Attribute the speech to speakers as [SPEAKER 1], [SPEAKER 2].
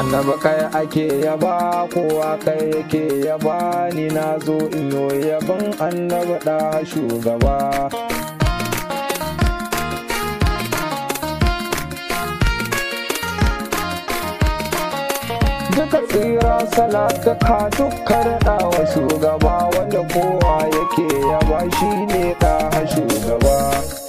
[SPEAKER 1] annaba kai ake yaba kowa kai yake yaba ni na zo in yaban annaba da shugaba
[SPEAKER 2] duka tsira ka salataka da ɗawa shugaba wanda kowa yake yaba shi ne ɗaha shugaba